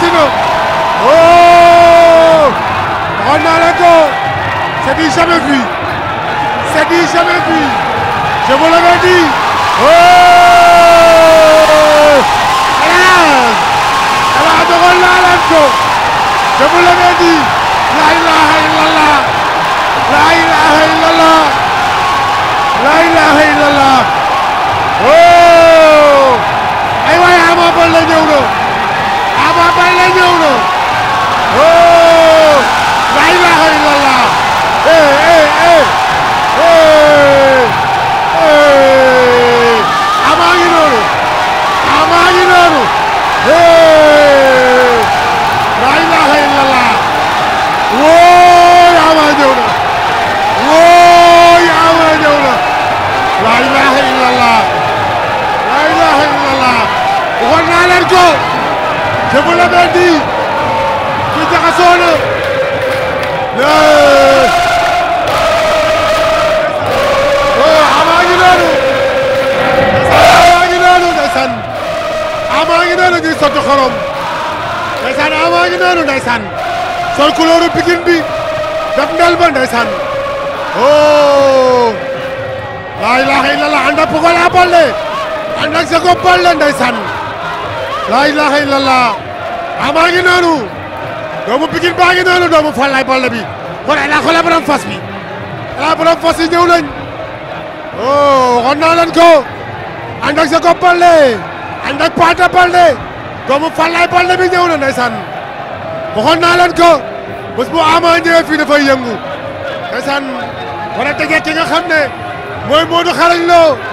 Cassino. Oh Ronaldo C'est dit jamais vu. C'est dit jamais vu. Je vous l'avais dit. Oh! La ilaha illallah. La ilaha illallah. La leen ko je vous l'avais dit ki na waaw oh, amaa ngi noonu amaa ngi noonu ndeysaan amaa ngi noonu ñuy sotti xorom ndeysaan amaa ngi noonu ndeysaan sol couleur Pikine bi def ba ndeysaan oh laa ilaaha illallah ànd ak Pokola Baldé ànd ak Jacob Baldé laa ilaha illallah amaa ah, noonu doomu Pikine baa noonu doomu Falaye Baldé bi xoolal laa xoolal borom fas bi laa fas yi ñëw nañ oh waxoon naa leen ko ànd ak sa ko Baldé ànd ak Paata Baldé doomu Falaye Baldé bi ñëw na ndeysaan waxoon naa leen ko bés bu amaa ñëwee fii dafay yëngu ndeysaan war a tëjee ki xam ne mooy Modou xarañ loo